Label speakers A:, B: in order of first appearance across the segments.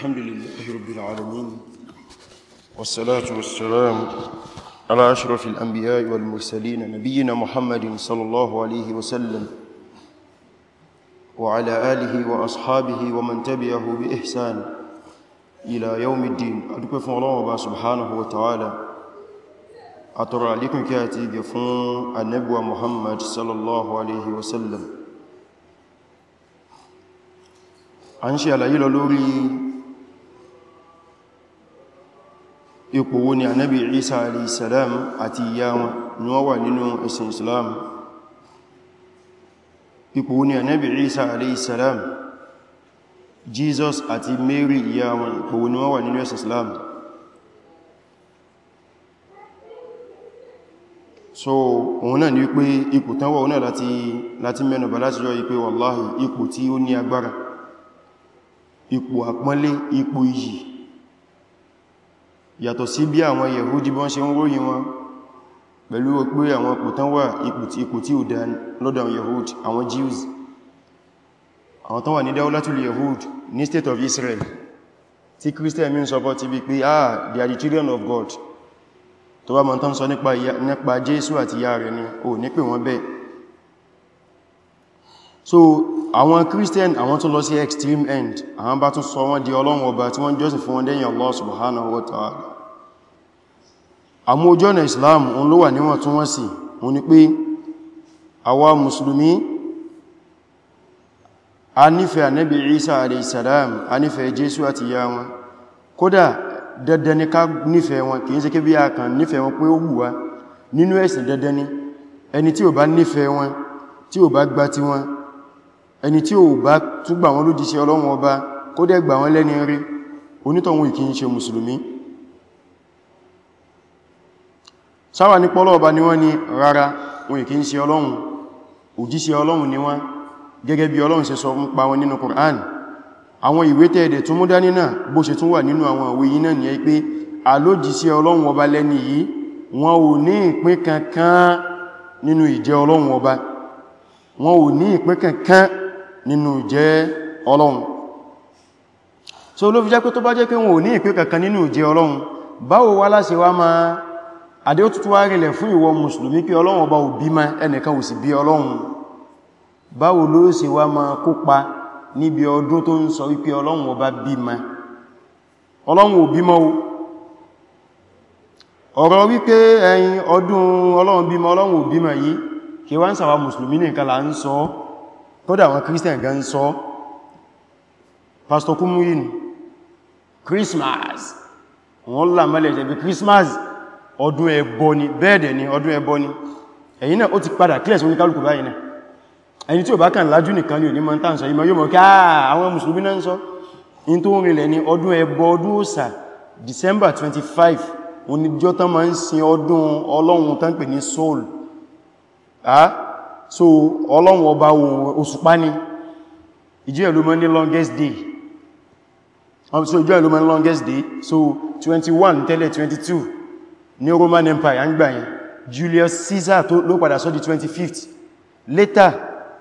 A: الحمد لله رب العالمين والصلاة والسلام على أشرف الأنبياء والمرسلين نبينا محمد صلى الله عليه وسلم وعلى آله وأصحابه ومن تبعه بإحسان إلى يوم الدين أدوكف الله سبحانه وتعالى أترى لكم كاتي بفن ti محمد صلى الله عليه وسلم أنشي على a ń ipò wo ni ànábì Isa alayhi salam àti ìyá wọn ni wọ́n wà nínú ẹ̀sìn Islam ipò wo ni ànábì Isa alayhi Jesus àti Mary ìyá wọn ipò ni wọ́n wà nínú ẹ̀sìn Islam so òun náà ni wípé ipò tán wà òun náà láti láti mẹ́nubà láti yọ ipé wallahi ipò tí ó ní agbára ipò àpọ́nlé ipò iyì yàtọ̀ sí bí àwọn yẹ̀húdí bọ́n ṣe ń ròyìn wọn pẹ̀lú pé àwọn ipò tán wà ipò tí ò dá lọ́dọ̀ àwọn yẹ̀húd àwọn jews àwọn tán wà ní dáúlátù yẹ̀húd ní state of israel tí christian mi ń sọ bọ́ ti bí pé ah they are the children of god tó bá mọ́ tán sọ nípa jésù àti ìyá rẹ̀ ni ò ní pè wọ́n bẹ́ẹ̀ so àwọn christian àwọn tó lọ sí extreme end àwọn bá tún sọ wọ́n di ọlọ́run ọba tí wọ́n jọ́sìn fún wọn dẹ́yìn allah subhanahu wa ta'ala àmójú ọ̀nà islam òun ló wà níwọ̀n tún wọ́n sí òun ni pé àwa musulmi a nífẹ̀ẹ́ ànábì isa alaihissalam a nífẹ̀ẹ́ jésù àti ya wọn kódà dandan ni ká nífẹ̀ẹ́ wọn kìí ṣe kí bí a kàn nífẹ̀ẹ́ wọn pé ó wù wá nínú ẹ̀sìn dandan ni ẹni tí ò bá nífẹ̀ẹ́ wọn tí ò bá gbà ti wọn ẹni tí ò bá túgbà wọn lójíṣẹ́ ọlọ́run ọba kódẹ̀ wọn lẹ́ni rí onítọ̀hún ìkìí ṣe musulmi sáwà ní pọ́lọ̀ ni wọ́n ni rárá òyìn kí ń ṣe ọlọ́run òjíṣẹ́ ọlọ́run ni wọ́n gẹ́gẹ́ bí ọlọ́run ṣe sọ ń pa wọn nínú Qur'an àwọn ìwé tẹ́ẹ̀dẹ̀ tún mú dání náà bó ṣe tún wà nínú àwọn ìwé yìí náà nìyẹn pé alójíṣẹ́ ọlọ́run ọba lẹ́ni yìí wọn ò ní ìpín kankan nínú ìjẹ́ ọlọ́run ọba so ló fi jẹ́ pé tó bá jẹ́ pé wọn ò ní ìpín kankan àdé ó tútù wá rílẹ̀ fún ìwọ mùsùlùmí pé ọlọ́run ọba ò bímọ ẹnìkan ò sì bí ọlọ́run báwo ló ṣe wá máa kópa níbi ọdún tó ń sọ wípé ọlọ́run ọba bímọ ọlọ́run ò bímọ o ọ̀rọ̀ wípé ẹ̀yin ọdún ọlọ́run bímọ ọlọ́run ò bímọ yìí kí wá ń sàwà mùsùlùmí nìkan là ń sọ kódà àwọn kírísítẹ̀n gan sọ pastor kumuyin christmas wọ́n lámẹ́lẹ̀ jẹ́bi christmas ọdún ẹbọ ni bẹ́ẹ̀dẹ̀ ni ọdún ẹbọ ni ẹ̀yin náà ó ti padà clears ní kálùkù báyìí náà ẹni tí ò bá kàn lájú nìkan ní òní mọ́ntán sọ ìmọ̀ yóò mọ̀ kí ah, àwọn ni ọdún ẹbọ ọdún December 25 oníjọ́ tán máa ń sin ọdún ọlọ́run tán pè ní soul ah so ọlọ́run ọba òṣùpá ni ìjọ́ ẹ̀ mọ́ ní longest day so ìjọ́ ẹ̀ ló longest day so 21 tẹ́lẹ̀ 22 ní Roman Empire ń gbàyìn Julius Caesar tó ló padà sọ di 25th later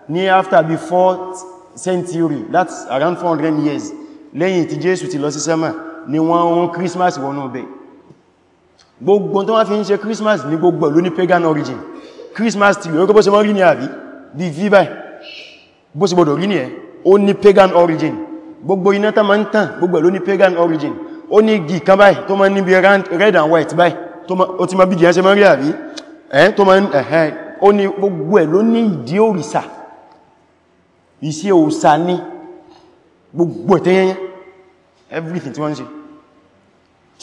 A: ní after bí 4th century that's around 400 years lẹ́yìn tí Jésù ti lọ sí sẹ́mà ni wọ́n wọ́n Christmas wọnú ọbẹ̀ gbogbo tó wá fi ń ṣe Christmas ní gbogbo ló ní pagan origin Christmas ti lè orúkọ bó ṣe mọ́ rí ní àbí bí viva bó ṣe gbọdọ̀ rí ní ẹ ó ní pagan origin gbogbo iná tá ma ń tàn gbogbo ló ní pagan origin ó ní igi kan báyìí tó ma ń níbi red and white báyìí ó ti ma bí jẹ́ ṣe mọ́ rí àrí ẹ́ tó ma ń ẹ̀hẹ́ ó ní gbogbo ẹ̀ ló ní ìdí òrìṣà iṣẹ́ òsà ní gbogbo ẹ̀tẹ́yẹnyẹ everything tí wọ́n ṣe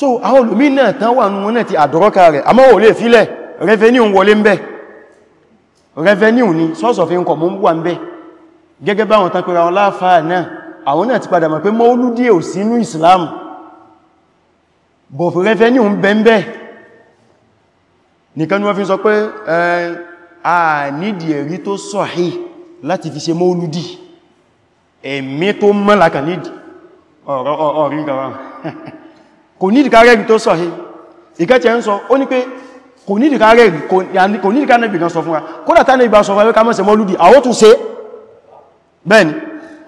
A: so àwọn olùmí náà tán wà nínú náà ti àdọ́rọ́ka rẹ̀ àmọ́ ò lè fílẹ̀ revenue wọlé ń bẹ revenue ni source of income ń wà ń bẹ gẹ́gẹ́ báwọn tán pẹ̀rẹ̀ ọláfà náà àwọn náà ti padà mọ̀ pé mọ́ olúdí ò sínú Islam but revenue ń bẹ ń bẹ nìkan ni wọ́n fi sọ pé a nídìí ẹ̀rí tó sọ̀hí láti fi ṣe mọ́lúdì ẹ̀mí tó mọ́laka nídìí ọ̀rí gara kò nídìí ká rẹ̀rí tó sọ̀hí ìkẹ́tẹ̀ ń sọ ó ní pé kò nídìí ká rẹ̀rí kò nídìí ká nẹ́bì gan sọ fún wa kódà tá nẹ́bì bá sọ fún wa ká má ṣe mọ́lúdì àwọn tún ṣe bẹ́ẹ̀ni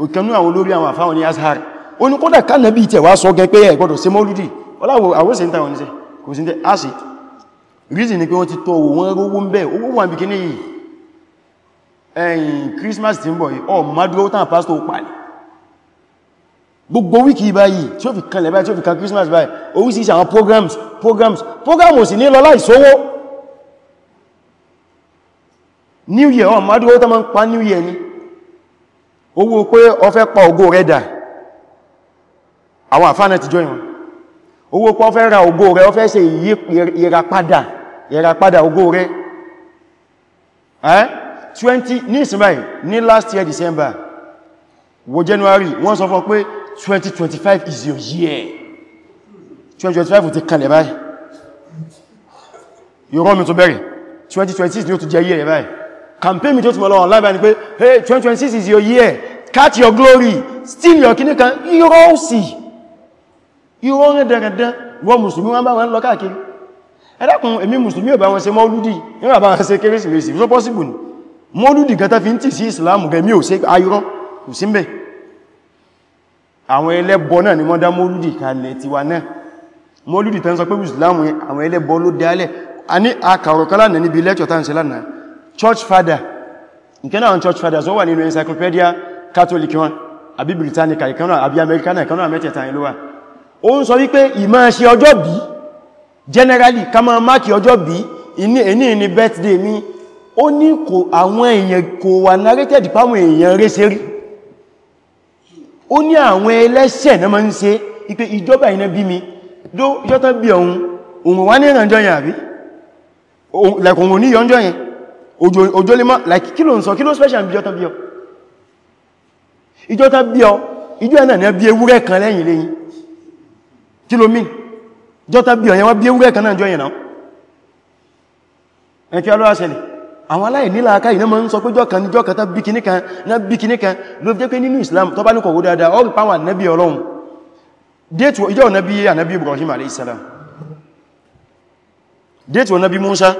A: òkànnú àwọn olórí àwọn àfáwọn ní azhar ó ní kódà ká nẹ́bì tẹ̀ wá sọ gẹ pé ẹ gbọ́dọ̀ ṣe mọ́lúdì ọláwọ̀ àwọ́sẹ̀ ń tàwọn ní sẹ kò sí ń tẹ́ àṣì reason ni pé wọ́n ti tọ́ owó wọ́n rówó ń bẹ owó wà bí kíní Christmas ti boy. bọ̀ maduro tán pastor pàlẹ̀ gbogbo wíkì báyìí tí ó fi kan lẹ́bàá tí ó fi kan Christmas báyìí oríṣìíṣìí àwọn programs programs programs ò sì ní lọ láìsówó New Year ọ maduro tán man, ń pa New Year ni owó pé ọ fẹ́ pa ògo rẹ̀ dà àwọn àfánà ti jọ ìwọ̀n owó pọ́ fẹ́ ra ògo rẹ̀ ọ fẹ́ ṣe ìyípadà yẹra padà ogó rẹ̀ ẹ́ 20 ní ìsinmi ní last year December wo January wọ́n sọ fún pé 2025 is your year 2025 ti kalẹ̀ báyìí yóò rọ́ mi tó bẹ̀rẹ̀ 2026 ni ó tún jẹ́ year báyìí campaign mi tó ti mọ́ lọ́wọ́ lábẹ́ ni pé hey 2026 is your year catch your glory steal your kìnnìkan yóò sí yóò rẹ̀ dẹ̀rẹ̀dẹ̀ wọ́n mùsùlùmí wọ́n bá wọn lọ káàkiri ẹ̀dàkùn èmi mùsùlùmí ọba wọn ṣe mọ́lúdì yíò àbá wọn ṣe kérésìmesì so possible ni mọ́lúdì gata fi ń tì sí ìsìláàmù gẹ̀mí ò ṣe ayọ́ kò sí mẹ́ àwọn ẹlẹ́bọ náà ni wọ́n dá mọ́lúdì kalẹ̀ tiwa náà mọ́lúdì tán sọ pé mùsùlùmí àwọn ẹlẹ́bọ a ní akàrọ̀kọ́lá náà níbi lecture tán church father ìkẹ́ náà church father sọ wà encyclopedia catholic wọn àbí britannica ìkanáà àbí americana ìkanáà mẹ́tẹ̀ẹ̀ta ìlú wa ó ń sọ wípé generally kama máa máàkì ọjọ́ bí ẹni ni birthday mi ó ní kò àwọn èèyàn kò wà narrated pàwọn èèyàn rẹ̀ ṣe rí ó ní àwọn ẹlẹ́ṣẹ̀ náà máa ń ṣe ipé ìjọba ìná bí mi dó ìjọ́tán bí ọ̀hun òun wá ní ìrànjọ́ yẹn àbí lẹ́kùn òun ní yọnjọ́ yẹn òjò lè máa like kilo nso kilo sọ kí ló special bí ìjọ́tán bí ọ ìjọ́tán bí ọ ìjọ́ ẹ̀nà ní ẹbí kan lẹ́yìn lẹ́yìn kí ló jọta bí ọ̀yẹ̀wọ́ bí ewúrẹ́ kan náà jọ yìnà ẹ̀kí ọlọ́wà ṣẹlẹ̀ àwọn aláìníla aka ìná ma ń sọ pé jọ́kan ní jọ́kan tàbí kìní kan náà bí bikini kan ló jẹ́ pé nínú Islam tó bá ní kọ̀wọ́ dáadáa ọrù páwọn ànábí Ọlọ́run déètù ìjọ́ ànábí ànábí Ibrahim alaihissalam déètù ànábí Musa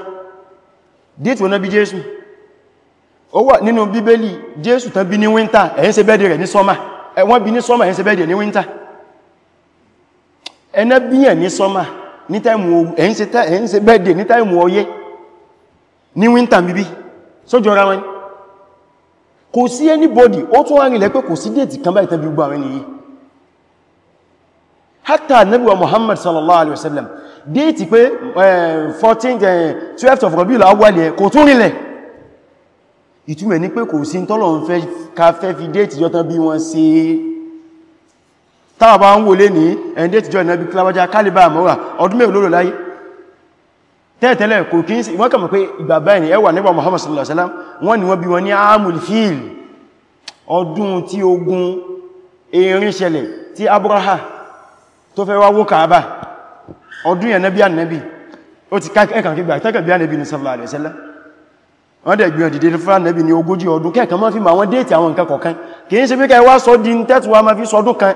A: bẹ́ẹ̀dẹ̀ rẹ̀ ní sọ́mà ẹ̀wọ́n bí ní sọ́mà bẹ́ẹ̀dẹ̀ ní ẹ̀nà bíyàn ní sọ́mà ní táìmù ẹ̀yìn se bẹ́ẹ̀dẹ̀ ní táìmù ọyẹ́ ní wíntà bíbí sójọ́ ra wọn kò sí anybody ó tún wárin lẹ́pẹ́ kò sí déètì kan báyìí tàbí gbogbo àwọn ènìyàn hatta nabiwa muhammad sallallahu alaihi wasallam déètì pé 14 12 of Rabiul Awwal kò tún rinlẹ̀ ìtumẹ̀ ní pé kò sí tọ́lọ̀ ń fẹ́ ká táwà bá ń wòlé ní ẹ̀ndé tìjọ ìnàbí kíláwájá kálíbà àmọ́wà ọdún mẹ́rin lóòrò láyé tẹ́ẹ̀tẹ́lẹ̀ kò kí ń sí wọ́n kàmà pé ìgbàbá ẹni ẹwà nígbà Muhammad sallallahu alaihi wasallam wọ́n ní wọ́n bí wọn ní amul fil ọdún tí Abraha tó fẹ́ wá wó Kaaba ọdún yẹn nábí ànábì ó ti kẹ́kàn kí gbà tẹ́kàn bí ànábì ní sallallahu alaihi wasallam wọ́n dẹ̀ gbìyàn dìde fún ànábì ní ogójì ọdún kẹ́kàn máa fi ma wọ́n déètì àwọn nǹkan kọ̀ọ̀kan kì ṣe pé kẹ́ wá sọ tẹ́tù wa ma fi sọdún kan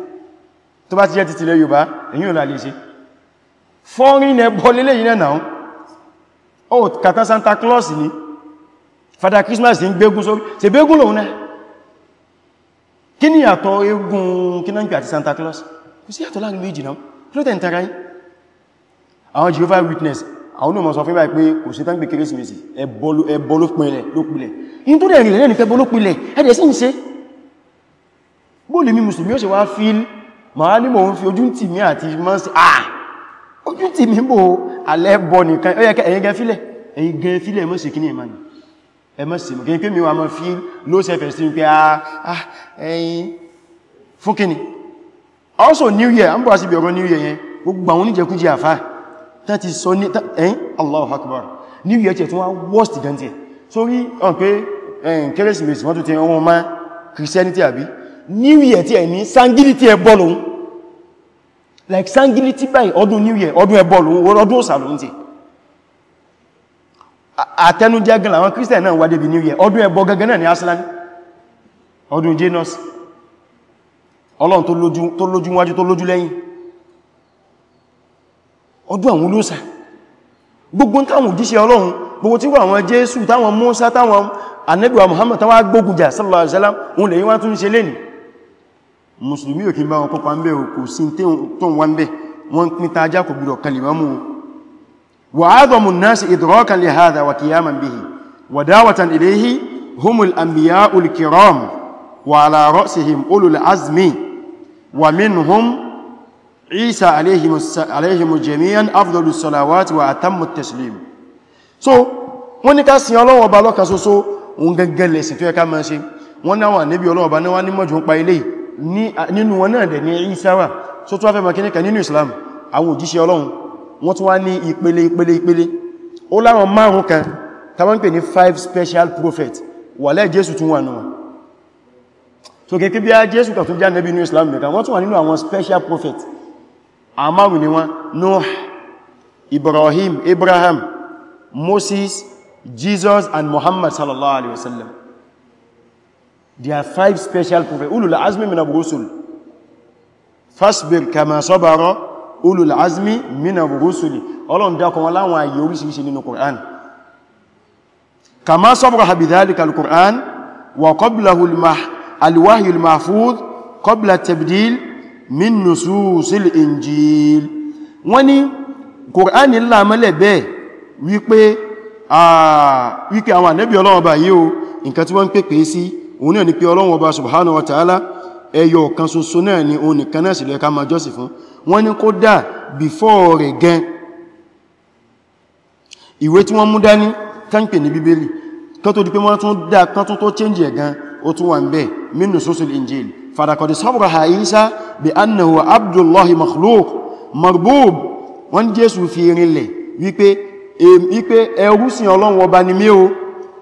A: tó bá ti jẹ́ títí lẹ́ Yorùbá èyí ò lálé ṣe fọ́nrin ẹ̀ bọ́ lélẹ̀ yìí náà ó kàkà Santa Claus ni Father Christmas ń gbégún sórí ṣe gbégún lòun náà kí ni yàtọ̀ eégún kí àti Santa Claus kò sí yàtọ̀ láàrin méjì náà kí ló Witness àwọn ọmọ sọ fún báyìí pé kò sí tán gbé kérésìmesì ẹbọ ló pinlẹ̀ ló pinlẹ̀ in tó dẹ̀ rìn lẹ́nìí pẹ́bọ ló pinlẹ̀ ẹ̀dẹ̀ bóòlù mi mùsùlùmí ó sì wá fíìlì ma ní mò ń fi ojú tì mí àti mọ́ sí àà ah! ojú tì mí bò alẹ́bọ̀ nìkan ó yẹ kẹ́ ẹ̀yin gẹ́ fílẹ̀ ẹ̀yin gẹ́ fílẹ̀ mọ́ sí kí ní ẹ̀mà ní ẹmọ́ sí mọ́ kí pé mi wà mọ́ fi ló sẹ́fẹ̀ sí pé a ah, ah, ẹ̀yin fún new year ń bọ̀ sí ọ̀rọ̀ new year yẹn gbogbo àwọn oníjẹkújẹ àfá tán ti sọ ní ẹ̀yin Allahu Akbar new year tiẹ̀ tún wá worst gan tiẹ̀ sórí ọ̀n pé kérésìmesì wọ́n tún ti ọmọ christianity àbí new year tí ẹ ní sangili ti ẹ bọ́ lòun like sangili ti báyìí ọdún new year ọdún ẹ bọ́ lòun ọdún òsà lòun ti àtẹnujẹ́ gan àwọn christian náà wà débi new year ọdún ẹ bọ́ gẹ́gẹ́ náà ní aslan ọdún janus ọlọ́run tó lójú wájú tó lójú lẹ́yìn ọdún àwọn olóòsà gbogbo táwọn òjíṣẹ́ ọlọ́run gbogbo tí wọ́n jésù táwọn mọ́sá táwọn anẹ́bíwa muhammad táwọn agbógunjà sallallahu alaihi wasallam òun lèyí wá tún ṣe lénìí musulmi ò kí bá wọn kópa ń bẹ̀ kò sí tó ń wá ń bẹ̀ wọ́n pín tajá kò gbùdọ̀ kalimamu wa a'zamu an-nasi idrakan li hadha wa qiyaman bihi wa da'watan ilayhi humul anbiya'u al-kiram wa ala ra'sihim ulul azmi wa minhum Isa alayhimu jami'an afdalus salawati wa atammu taslim so wọ́n ní ká sin Ọlọ́run Ọba lọ́kan ṣoṣo òun gangan lẹ̀sìn tó yẹ ká máa ṣe wọ́n náwọn ànẹ́bí Ọlọ́run Ọba náwọn ní mọ́jú ń pa ilé nínú wọn náà dẹ̀ ní ìsáwà so tó wá fẹ́ makíníkà nínú Islam àwọn òjíṣẹ́ Ọlọ́run wọ́n tún wá ní ìpele ìpele ìpele ó láwọn márùn kan tàbí pè ní five special prophets. wà lẹ́ Jésù tún wà náà so kèké bí a Jésù kà tún já nẹ́bí nínú Islam nìkan wọ́n tún wà nínú àwọn special prophet àmárùn ni wọ́n Noah Ibrahim Abraham Moses Jesus and Muhammad sallallahu alaihi wasallam there are five special prophets ulul azmi min ar-rusul fasbir kama sabara ulul azmi min ar-rusuli Ọlọ́run dákọ̀ wọn láwọn ayé oríṣiríṣi nínú Qur'an kama sabara bidhalika al-Qur'an wa qablahu al-wahyu al-mahfuz qabla tabdil min nususil injil wọ́n ní Qur'an ńlá mọ́lẹ̀ bẹ́ẹ̀ wípé àwọn ànẹ́bí Ọlọ́run bá yíò nǹkan tí wọ́n ń pèpè sí òun náà ni pé Ọlọ́run Ọba subhanahu wa ta'ala ẹyọ kan ṣoṣo náà ni òun nìkan náà sì lè ká máa jọ́sìn fún wọ́n ní kódà before rẹ̀ gan ìwé tí wọ́n mú dání tánpẹ̀ ní bíbélì kan tó di pé wọ́n tún dá kan tún tó change ẹ̀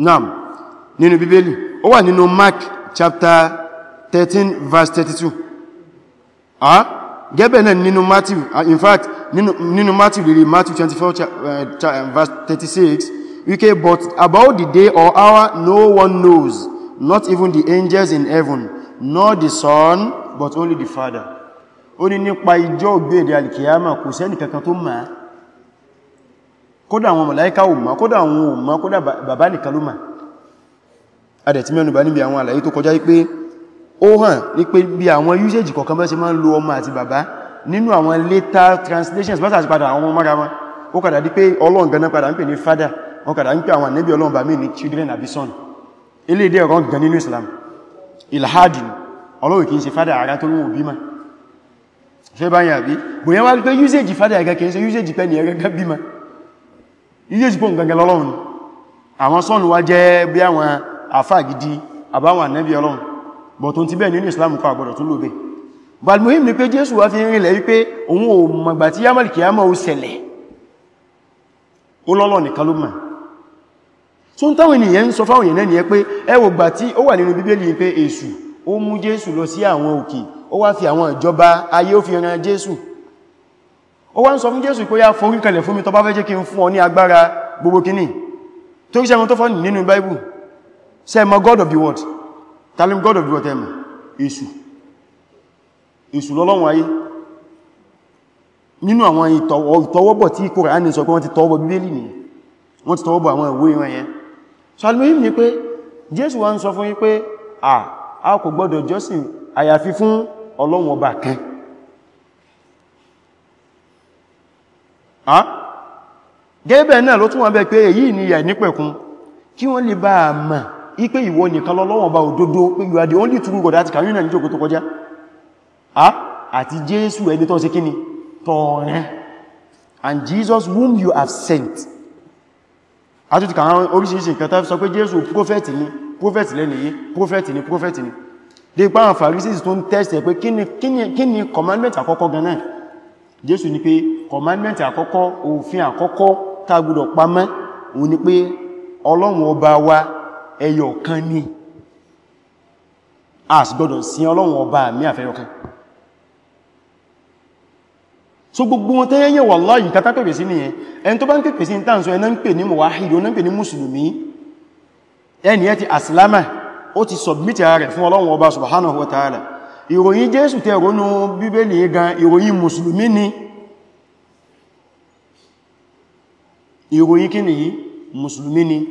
A: naam nínú bíbélì ó wà nínú Mark chapter 13 verse 32 ah gẹ́bẹ̀ náà nínú Matthew in fact nínú Matthew lè Matthew 24 uh, eh, eh, verse 36 wíké but about the day or hour no one knows not even the angels in heaven nor the son but only the father ó ní nípa ijọ́ ògbé èdè alìkìyàmà kò sẹ́nì kankan tó máa kódà àwọn màláíkà ò mọ̀ kódà àwọn ò mọ̀ kódà bàbá nìkan ló mọ̀ adẹ̀ tí mẹ́nubà níbi àwọn àlàyé tó kọjá wípé ó hàn ní pé bí àwọn usage kọ̀kan bẹ́ ṣe máa ń lo ọmọ àti bàbá nínú àwọn later translations bátà sí padà àwọn ọmọ mara wọn ó kàdà di pé Ọlọ́run gan children abison son Islam báyìí àbí bòyẹ́ wá pé usage father ẹ̀gẹ́ kìí ṣe usage pẹ́ ní iye ìsìnkú gangan lọ́lọ́run àwọn sọ́nù wá jẹ́ bí àwọn àfáà gidi àbáwọn ànẹ́bí ọlọ́run bọ̀ tó ti bẹ́ẹ̀ nínú Islam kọ àgbọ̀dọ̀ tó lóbe balmuhim ni pé Jésù wá fi ń rinlẹ̀ wípé òun ò mọ̀gbà tí yamal kiyama ó ṣẹlẹ̀ ó lọ́lọ́ nìkan ló mọ̀ tó ń táwọn ènìyàn sọ fáwọn ènìyàn ni ẹ pé ẹ gbà tí ó wà nínú Bíbélì pé Èṣù ó mú Jésù lọ sí àwọn òkè ó wá fi àwọn ìjọba ayé ó fi ran Jésù ó wá ń sọ fún Jésù pé yá forí kalẹ̀ fún mi tó bá fẹ́ jẹ́ kí n fún ọ ní agbára gbogbo kíní tó kí sẹ́mọ̀ tó fọ́ nínú Bible sẹ́mọ̀ God of the world talim God of the world ẹ̀mọ̀ èṣù èṣù lọ́lọ́run ayé nínú àwọn ìtọwọ́bọ̀ tí Kùránì sọ pé wọ́n ti tọwọ́bọ̀ Bíbélì ni wọ́n ti tọwọ́bọ̀ àwọn ìwé ìran yẹn so alimoyim ni pé Jésù wá ń sọ fún yí pé a kò gbọ́dọ̀ jọ́sìn àyàfi fún Ọlọ́run ọba kan gẹ́gẹ́ náà ló tún wọ́n bẹ́ pé èyí ni yà nípẹ̀kún kí wọ́n lè bá àmà ipé ìwọ nìkan lọ́lọ́wọ́n bá òdodo pé you are the only true God àti kàrínà níjò tó kọjá àti Jésù ẹni tó ṣe kí ni tọ̀ọ̀rẹ́ and Jesus whom you have sent àtútù kàrán oríṣìíṣìí nǹkan tàbí sọ pé Jésù prophet ni prophet lẹ́ni yí prophet ni prophet ni dé pa àwọn Pharisees tó ń test ẹ̀ pé kí ni commandment àkọ́kọ́ gan náà Jésù ni pé commandment àkọ́kọ́ òfin àkọ́kọ́ tá gbọ́dọ̀ pamọ́ òun ni pé ọlọ́run ọba wa ẹyọ kan ni a sì gbọ́dọ̀ sin ọlọ́run ọba mi àfẹ́yọkan so gbogbo wọn tẹ́yẹyẹ wallahi kátà pẹ̀pẹ̀ sí nìyẹn ẹni tó bá ń pẹ̀pẹ̀ sí ní tàǹsọ ẹni ń pè ní mọ̀wáhìdì ó ń pè ní mùsùlùmí ẹni ẹ ti aslama ó ti submit ara rẹ̀ fún ọlọ́run ọba subhanahu wa ta'ala ìròyìn jésù tẹ́ ronú bíbélì gan ìròyìn mùsùlùmí ni ìròyìn kí ni yìí mùsùlùmí ni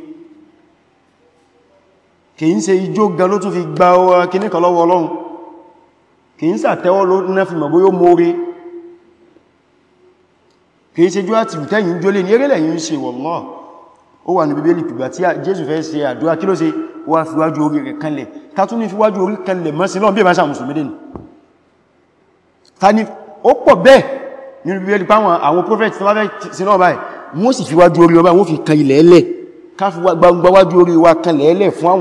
A: kì í ṣe ijó ga ló tún fi gba ọwọ́ kíní kan lọ́wọ́ ọlọ́run kì í sàtẹ́wọ́ ló náà fi mọ̀bó yóò mórí kì í ṣe jú àti ìtẹ́yìn jólé ní erélẹ̀ yìí ń ṣe wọ̀lọ́ ó wà ní bíbélì pìgbà tí jésù fẹ́ ṣe àdúrà kí ló ṣe àwọn prophet tí wọ́n fẹ́ sí náà wọ́n sì fi wájú orí ọba wọ́n fi kan ilẹ̀ ẹlẹ̀ káfíwájú orí wa kan lẹ́ẹ̀lẹ̀ fún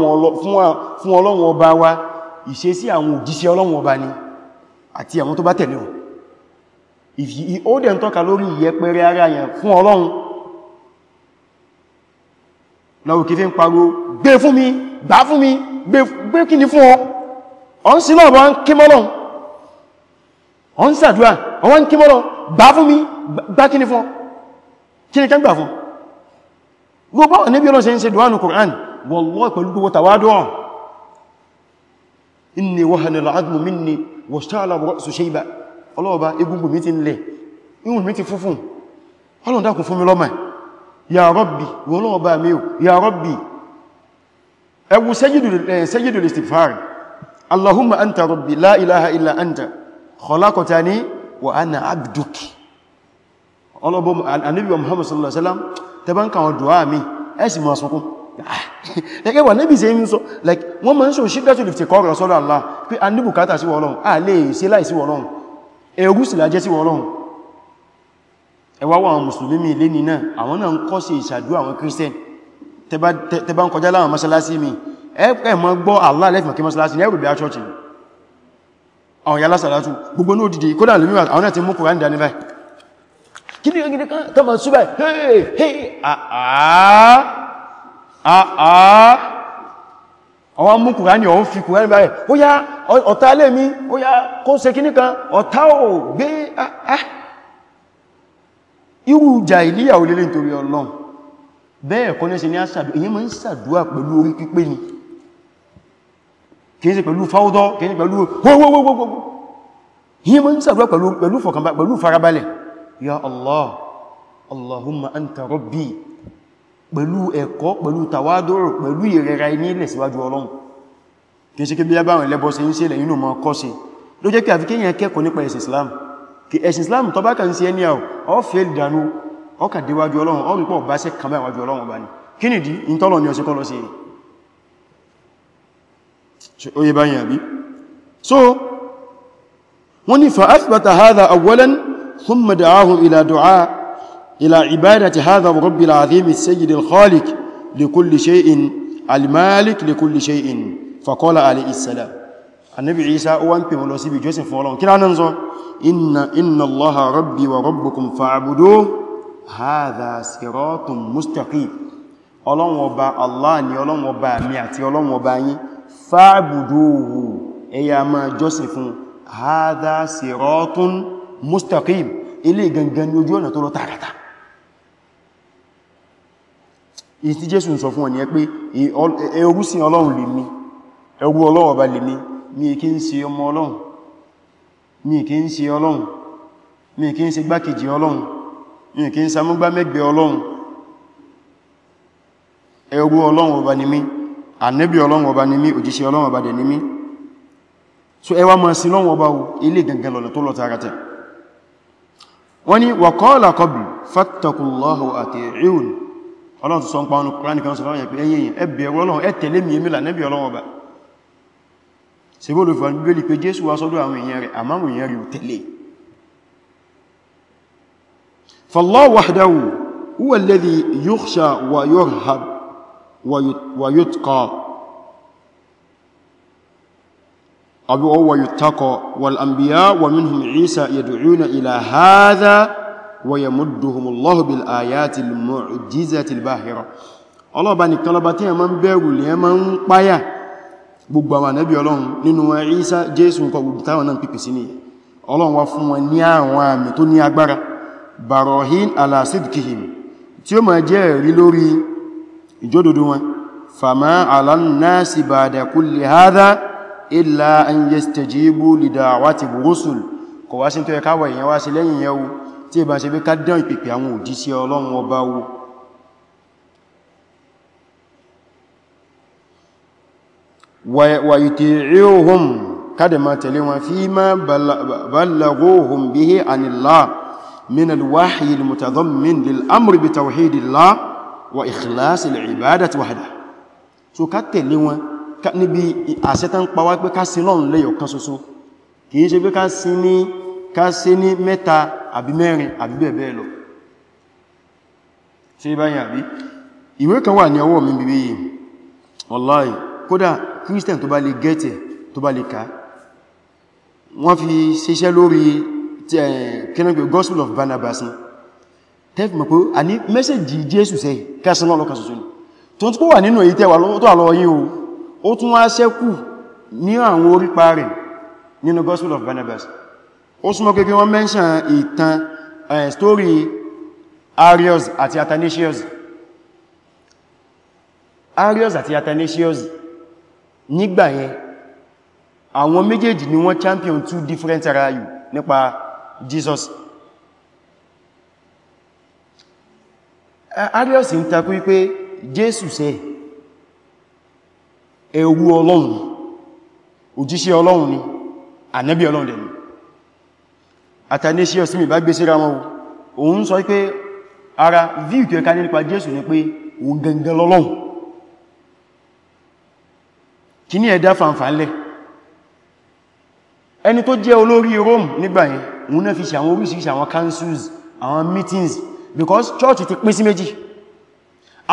A: ọlọ́run ọba wa ìṣesí àwọn òjíṣẹ́ ọlọ́run ọba ni àti àwọn tó bá tẹ̀lé wọn ó dẹ̀ ń tọ́ka lórí ìyẹpẹrẹ ara yẹn fún ọlọ́run lọ́wọ́ kí fi ń pariwo gbé fún mi gbá fún mi gbé kí ni fún ọ ọ ń sí náà bá ń kí mọ́lọ́run ọ ń sàdúrà ọ wá ń kí mọ́lọ́run gbá fún mi gbá kí ni fún ọ kí ni kẹ́ gbà fún gbogbo àwọn níbi ọlọ́sẹ̀ ń ṣe duwánu Qur'an wallahi pẹ̀lú gbogbo tàwádọ́ inni wahana al'admu minni washta'ala ra'su shayba ọlọ́ọ̀bá egungun mi ti lẹ̀ ihun mi ti funfun ọlọ́n dákun fún mi lọ́mà ya rabbi wọlọ́ọ̀bá mi o ya rabbi ẹwu sajidul istighfar allahumma anta rabbi la ilaha illa anta khalaqtani wa ọlọ́bọ̀ anábíwa muhammad sallallahu alaihi wasallam tẹ bá ń kàwọn dùá mi ẹ̀sì mọ́ sunkún ah, ẹgbẹ́ wà nábì sẹ́yìn sọ like wọ́n ma ń sọ ṣídá tó lè fi kọ́rọ̀ sọ́dọ̀ Allah pé a ní bùkátà sí Ọlọ́run a lè ṣe láìsí Ọlọ́run ẹ̀rú sì lájẹ́ sí Ọlọ́run ẹwà wà àwọn mùsùlùmí lé ní náà àwọn náà ń kọ́ sí ìṣàdú àwọn kírísítẹ́n tẹ bá ń kọjá láwọn mọ́sálásí mi ẹ mọ́ gbọ́ Allah lẹ́fìmọ̀ kí mọ́sálásí ní ẹrù bí a ṣọ́ọ̀ṣì àwọn yálásàlátù gbogbo ní òdìdí kódà lómi àwọn náà ti mú kùrán dání báyìí kí ní ẹgbẹ̀rẹ̀ kan tó ma súbẹ̀ hey hey àà àà àwọn mú kùránì ọ̀hún fi kùránì báyẹ̀ ó yá ọ̀tá alẹ́ mi ó yá kó ṣe kí ní kan ọ̀tá ò gbé àà ah, ah. irú ìjà ìlíyà ò lélẹ̀ nítorí Ọlọ́run bẹ́ẹ̀ kọ́ ní ṣe ní àṣàdù èyí ma ń ṣàdúwà pẹ̀lú orí pípé ni kìí ṣe pẹ̀lú fáwọ́dọ́ kìí ṣe pẹ̀lú wọ́wọ́wọ́wọ́wọ́ ya Allah Allahumma anta rabbi pẹ̀lú ẹ̀kọ́ pẹ̀lú tàwádọ́rọ̀ pẹ̀lú ìrẹ̀ra ní ilẹ̀ síwájú Ọlọ́run kí ṣe kí bí yábáwọn ẹlẹ́bọ́ se ń ṣe lẹ́yìn mọ́ kọ́ sí ló jẹ́ kí àfi kíyàn kẹ́kọ̀ọ́ nípa ẹ̀sìn Islam kí ẹ̀sìn Islam tó bá kàn sí ẹni àwọ̀ ọ fẹ́ ìdánú ọkà so wọ́n ni fa asbata ثم دعاهم إلى دعاء إلى عبادة هذا الرب العظيم السيد الخالق لكل شيء المالك لكل شيء فقال عليه السلام النبي عيسى وان بي ولو سي بي جوسين فون إن كلا الله ربي وربكم فاعبدوه هذا صراط مستقيم Ọlọ́run ọba Allah ni Ọlọ́run ọba mi àti Ọlọ́run ọba yín fa'buduhu ẹ̀yà máa jọ́sìn fún hadha siratun mustaqim ilé gangan ní ojú ọ̀nà tó lọ tààràtà ìtí jésù sọ fún ọ̀nìyàn pé ẹrúsìn ọlọ́run lè mi ẹrú ọlọ́run ọba lè mi mi kí ń ṣe ọmọ ọlọ́run mi kí ń ṣe ọlọ́run mi kí ń ṣe gbákejì ọlọ́run mi kí ń samúgbá mẹ́gbẹ̀ ọlọ́run ẹrú ọlọ́run ọba ni mi so ẹwà máa sin ọlọ́run ọba o ilé gangan lọ́nà tó lọ wọ́n ni wa qala qabl fattaqullaha wa ati'un ọlọ́run tó sọ ń pa ọnù kúránì kan sọ fáwọn ẹ̀pẹ́ ẹ̀yìn ẹ̀bẹ̀ ọlọ́run ẹ tẹ̀lé mi èmìlà nẹ́bí ọlọ́run bá ṣe bó ló fi wọ́n bí pé jésù wá sọ́dọ̀ àwọn èèyàn rẹ̀ àmọ́ èèyàn rẹ̀ tẹ̀lé fallahu wahdahu huwa alladhi yukhsha wa yurhab wa yutqa أبي هو يتقى والأنبياء ومنهم عيسى يدعون إلى هذا ويمدهم الله بالآيات المعجزة الباهرة الله بني طلبتي من بيرو لي من páyà gbogbo àwọn ànábì ọlọ́run nínú wọn ìsá jésù nǹkan gbogbo táwọn náà pípì sí ní ọlọ́run wá fún wọn ní àwọn àmì tó ní agbára barohin alasidkihim tí ó máa jẹ́ ẹ̀rí lórí ìjódodo wọn fama alannasi bada kulli hadha illa an yastajibu li da'wati rusul kò wá sí tó yẹ káwà èèyàn wá sí lẹ́yìn yẹwu tí ìbá ṣe bí ká dán ìpìpì àwọn òjíṣẹ́ ọlọ́run ọba wo wa yuti'uhum kádẹ̀mà tẹ̀lé wọn fi ma balaguhum bihi anillah min alwahyi níbi àṣẹ́tàn pàwà pé ká sí lọ́run lẹ́yọ̀ kan ṣoṣo kìí ṣe pé ká sí ní mẹ́ta àbí mẹ́rin àbí bẹ́ẹ̀ bẹ́ẹ̀ lọ ṣe báyìí àbí ìwé kan wà ní ọwọ́ mi bíbí yìí wallahi kódà Christian tó bá lè gẹ́tẹ̀ tó bá lè ká wọ́n fi ṣiṣẹ́ lórí eh, kínágbé Gospel of Barnabas ni tẹ́fì mọ̀ pé a ní mẹ́sẹ̀jì Jésù sẹ́yìn kásánlọ́lọ́kà ṣoṣo ni tó ń tó wà nínú èyí tẹ́wà lọ́wọ́ tó àlọ́ yìí ó tún wá ṣẹ́kù ní àwọn orípa rẹ̀ nínú Gospel of Barnabas ó súnmọ́ pé kí wọ́n mention ìtàn eh, story Arius àti Athanasius Arius àti Athanasius nígbà yẹn àwọn méjèèjì ni wọ́n champion two different arayu nípa Jesus eh, Arius ń takú wípé Jésù sẹ́ẹ̀ ewu ọlọ́run òjíṣẹ́ ọlọ́run ni ànábì ọlọ́run dẹ̀ ni àtàníṣẹ́ ọ̀sí mi bá gbé síra wọn òun sọ pé ara view tí ẹka nípa jésù ni pé òun gangan lọ́lọ́run kí ní ẹ̀dá fanfàálẹ̀ ẹni tó jẹ́ olórí Rome nígbà yẹn òun náà fi ṣe àwọn oríṣiríṣi àwọn councils àwọn meetings because church ti pín sí méjì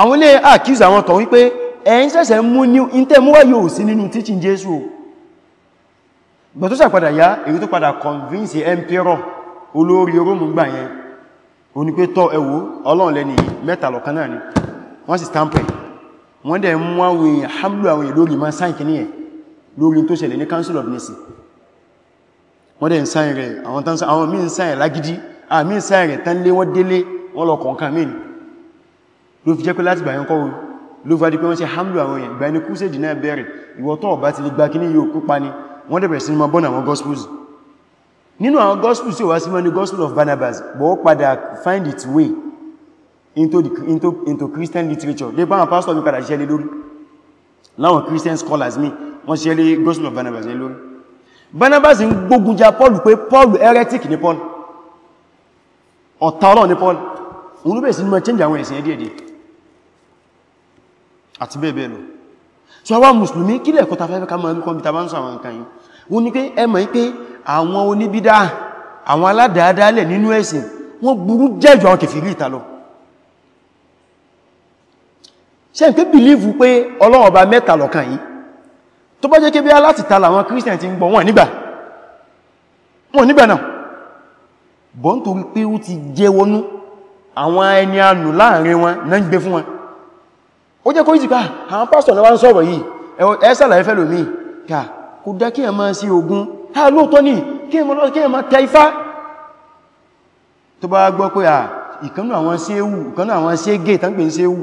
A: àwọn ilé accuse àwọn tọ̀ wípé ẹ̀yìn sẹ́sẹ̀ mú ní ìntẹ́ mú wáyé ò sí nínú teaching Jésù bọ̀ tó sàpadà yá èyí tó padà convince emperor olórí Róòmù gbà yẹn o ní pé tọ́ ẹwò Ọlọ́run lẹ́ni mẹ́ta lọ̀kan náà ni wọ́n sì stamp wọ́n dẹ̀ mú àwọn hamlu àwọn lórí ma sáìn kìíní ẹ̀ lórí tó ṣẹlẹ̀ ní council of nisi wọ́n dẹ̀ sáìn rẹ̀ àwọn tán àwọn míì sáìn lágídí àmì sáìn rẹ̀ tán lé wọ́n délé wọ́n lọ kọ̀ọ̀kan míì ló fi ló fà di pé wọ́n ṣe hamlu àwọn èèyàn gbà ní kúsèdì náà bẹ̀rẹ̀ ìwọ̀tọ̀ ọ̀bá ti lè gba kí ní yóò kópa ní wọ́n dẹ̀bẹ̀rẹ̀ sí ma bọ́nà àwọn gospels nínú àwọn gospels yóò wá sí ma ní gospel of Barnabas bọ́ padà find its way into, the, into, into Christian literature lè bá àwọn pastor mi padà ṣẹlẹ̀ lórí láwọn Christian scholars mi wọ́n ṣẹlẹ̀ gospel of Barnabas lé lórí Barnabas ń gbógun ja Paul pé Paul heretic ni Paul ọ̀tá Ọlọ́run ni Paul òun ló bẹ̀rẹ̀ sí ma change àwọn ẹ̀sìn ẹ̀díẹ̀díẹ̀ àti bẹ́ẹ̀ bẹ́ẹ̀ lọ so àwa mùsùlùmí kí lẹ́kọ́ ta fẹ́ ká máa kọ́ bíta bá ń sọ àwọn nǹkan yìí wọ́n ní pé ẹ mọ̀ pé àwọn oníbídá àwọn aládàádálẹ̀ nínú ẹ̀sìn wọ́n burú jẹ́jọ àwọn kèfèrí ìta lọ ṣe n pé bìlífù pé Ọlọ́run ọba mẹ́ta lọ́kan yìí tó bá jẹ́ kébé aláti ta làwọn kírísìtẹ̀n ti ń gbọ́ wọn nígbà wọn nígbà náà bọ́ nítorí pé ó ti jẹ́ wọnú àwọn ẹni ànù láàrin wọn náà ń gbé fún wọn ó jẹ́ kó ìsì pá àwọn pásítọ̀ náà wá ń sọ̀rọ̀ yìí ẹ́sàlà ẹfẹ́ lómi kà kò dá kí ẹ máa sí ogun ha lóòtọ́ ní kí ẹ máa tẹ ifá tó bá gbọ́ pé ìkanú àwọn sí ewu ìkanú àwọn sí gé ìtàngbè sí ewu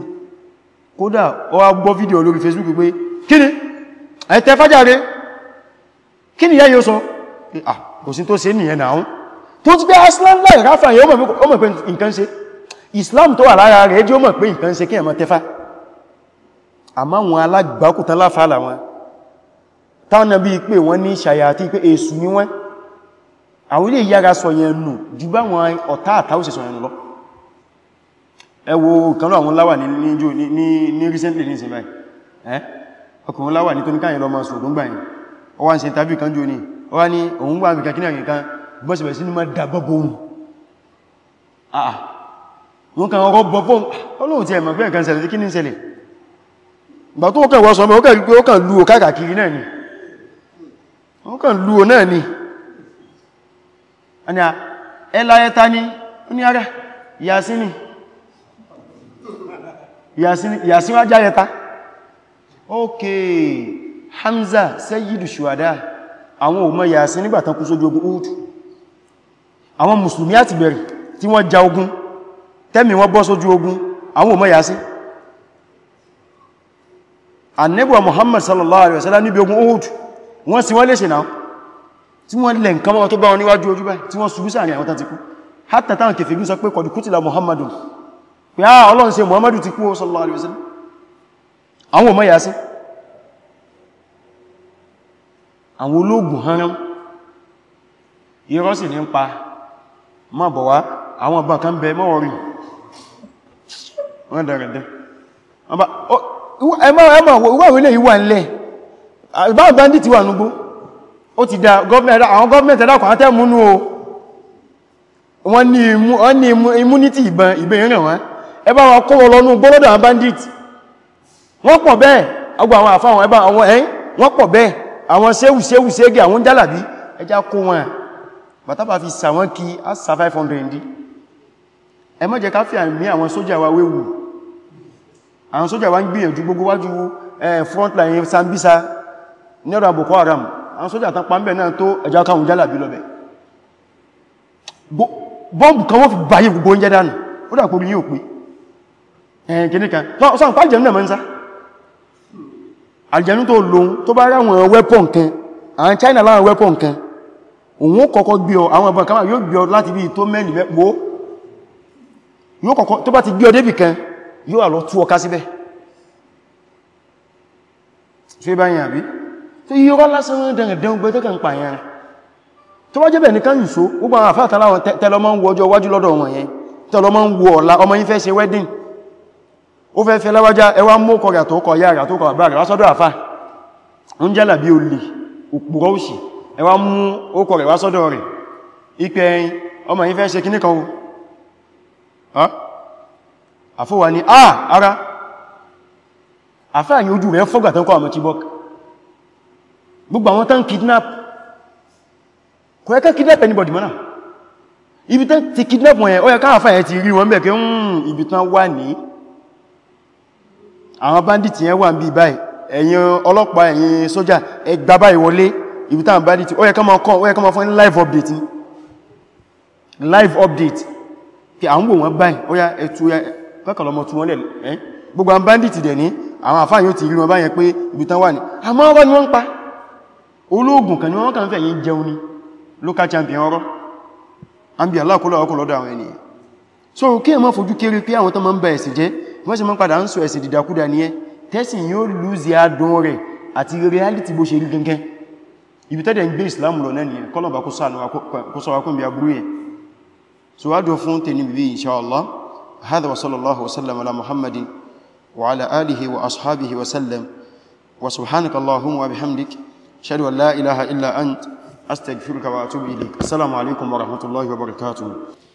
A: kódà ó wá gbọ́ fídíò lórí Facebook pé kí ni ẹ tẹ fájáre kí ni yáyó sọ kò sí tó ṣe nìyẹn náà tó ti gbé aslan láì Islam tó wà lára rẹ̀ jẹ́ ó mọ̀ pé àmá wọn alágbàkùtán láfàálà wọn táwọn nàbí pé wọ́n ní ṣàyàtí pé èsù ni wọ́n àwọn ilé yára sọ yẹn nù jù bá wọn ọ̀tá àtàwòsè sọ yẹn lọ ẹ wo kanú àwọn láwà ní recently ní ìsinmi ẹ́ ọkùnrin láwà ní tó ní káyìn lọ máa sọ̀gbọ́n gbà yìí ó wá ń ṣe interview kan jò ní ó wá ìgbà tó kàn wọ́n sọ mẹ́ ó kàn rí pé ó lú o káàkiri náà ni ó kàn lú o náà ni ẹnià ẹláyẹta ni ó ní ara yàsíní yàsíní wájá yẹta ok Hamza sayyidu shuhada àwọn òmọ yàsíní nígbàtán kú sójú ogun Uhud àwọn musulmi àti bẹ̀rẹ̀ tí wọ́n ja ogun tẹ́mì wọ́n bọ́ sójú ogun àwọn òmọ yàsíní annabuwa muhammad sallallahu alaihi wasallam níbi ogun ohud wọ́n sì wọ́n lè ṣe náà tí wọ́n lè nǹkan mọ́ tó bá wọn níwájú ojú bá tí wọ́n ṣubú sáà ní àwọn tán ti kú hátà táwọn kèfèrí sọ pé kọ̀dù kútìlá muhammadun pé á ah, ọlọ́run ṣe muhammadu ti kú sallallahu alaihi wasallam àwọn ọmọ yà sí àwọn ológun hanran irọ́ sì ní ń pa má bọ̀ wá àwọn ọba kan bẹ mọ́ orin wọ́n dẹ̀rẹ̀dẹ̀ ẹmọ̀ wà wílé ìwà ńlẹ̀ bá bandit wà núgbó ó ti dá àwọn gọ́ọ̀mẹ́ntì ẹ̀dàkùn àtẹ́ múnú o wọ́n ní immunity ìbọn ìbẹ̀ ìrìn wọ́n ẹbá wọn kó lọ́nú gbọ́lọ́dọ̀ àwọn bandit wọ́n pọ̀ bẹ́ẹ̀ ọgbà àwọn àfáwọn ẹbá àwọn ẹ̀yìn wọ́n pọ̀ bẹ́ẹ̀ àwọn séwù séwù ségé àwọn jálàbí ẹjá kó wọn bàtàbà fi sàwọn kí á sà 500 ẹmọ́jẹ ká fi àmì àwọn sójà wa wéwù àwọn sójà wá ń gbìyànjú gbogbo wájú frontline Sambisa ní ọ̀dọ̀ Boko Haram àwọn sójà tán pa ń bẹ̀ náà tó ẹja káwọn jálà bí lọ́bẹ̀ bọ́ọ̀bù kan wọ́n fi báyé gbogbo oúnjẹ dànù ó dà kórí yóò pé ẹ̀yìn kìníkan sọ́n pàjẹ̀ náà mọ́ ń sá China láwọn wẹ́pọ̀n kan òun kọ́kọ́ gbé ọ àwọn ọ̀bọ̀n kan yóò gbé ọ láti bí tó mẹ́lì mẹ́pọ̀ yóò kọ́kọ́ tó yóò wà lọ tú ọká síbẹ̀ tí ó bá yìn àbí tó yí ọrọ̀ lásán dẹ̀rẹ̀dẹ̀rẹ̀ gbẹ́ tẹ́kẹ̀ ń pààyàn tó wá jẹ́bẹ̀ nìkan yìí só ó gbà àwọn àfáà tàláwọn tẹ́lọ máa ọmọ yín fẹ́ ṣe wedding ó fẹ́ fẹ́ láwájá ẹwà mú ọkọ̀ rẹ̀ tó kọ yá rẹ̀ tó kọ bá rẹ̀ wásọ́dọ̀ àfá ń jẹ́là bí olè òpùrọ̀ òṣì ẹwà mú ọkọ̀ rẹ̀ wásọ́dọ̀ rẹ̀ ipẹ́ ọmọ yín fẹ́ àfọ́wà ní àà ah, ara àfáà yóò ojú rẹ̀ fọ́gbà tán kọ́ àmọ́ Chibok gbogbo àwọn tán kidnap kò yẹ ká kidnap anybody mọ́nà ibi tán ti kidnap wọ́n yẹn ó yẹ ká àfáà yẹn ti rí wọ́n bẹ̀kẹ́ hmm, ibi tán wà ní àwọn bandit yẹn wà ń bí báyìí ẹ̀yin ọlọ́pàá ẹ̀yin sójà ẹ gbà báyìí wọlé ibi tán bandit ó yẹ ká máa kọ́ fún live update live update pé àwọn gbò wọ́n báyìí ó yá ẹ̀tù kọ́kọ̀ lọmọ tí wọ́n lẹ̀ ẹ́ gbogbo àwọn bandit dẹ̀ ní àwọn àfáà yóò ti rí wọn báyẹn pé ibi wà ní àmọ́ ọ̀rọ̀ ni wọ́n ń pa olóògùn kan ni wọ́n kàn fẹ̀yìn jẹun ni local champion ọ̀rọ̀ àbí aláàkólà ọkọ̀ lọ́dọ̀ so kí ẹ má fojú kéré pé àwọn tán máa ń ba ẹ̀sìn jẹ́ wọ́n sì máa ń padà ń sọ ẹ̀sìn dìdàkúdà ní ẹ tẹ́sìn yóò lùzì adùn rẹ̀ àti reality bó ṣe rí gẹ́gẹ́ ibi tẹ́dẹ̀ ń fún tẹ̀ níbi insha Allah هذا وصلى الله وسلم على محمد وعلى آله وأصحابه وسلم وسبحانك اللهم وبحمدك أشهد أن لا إله إلا أنت أستغفرك وأتوب إليك السلام عليكم ورحمة الله وبركاته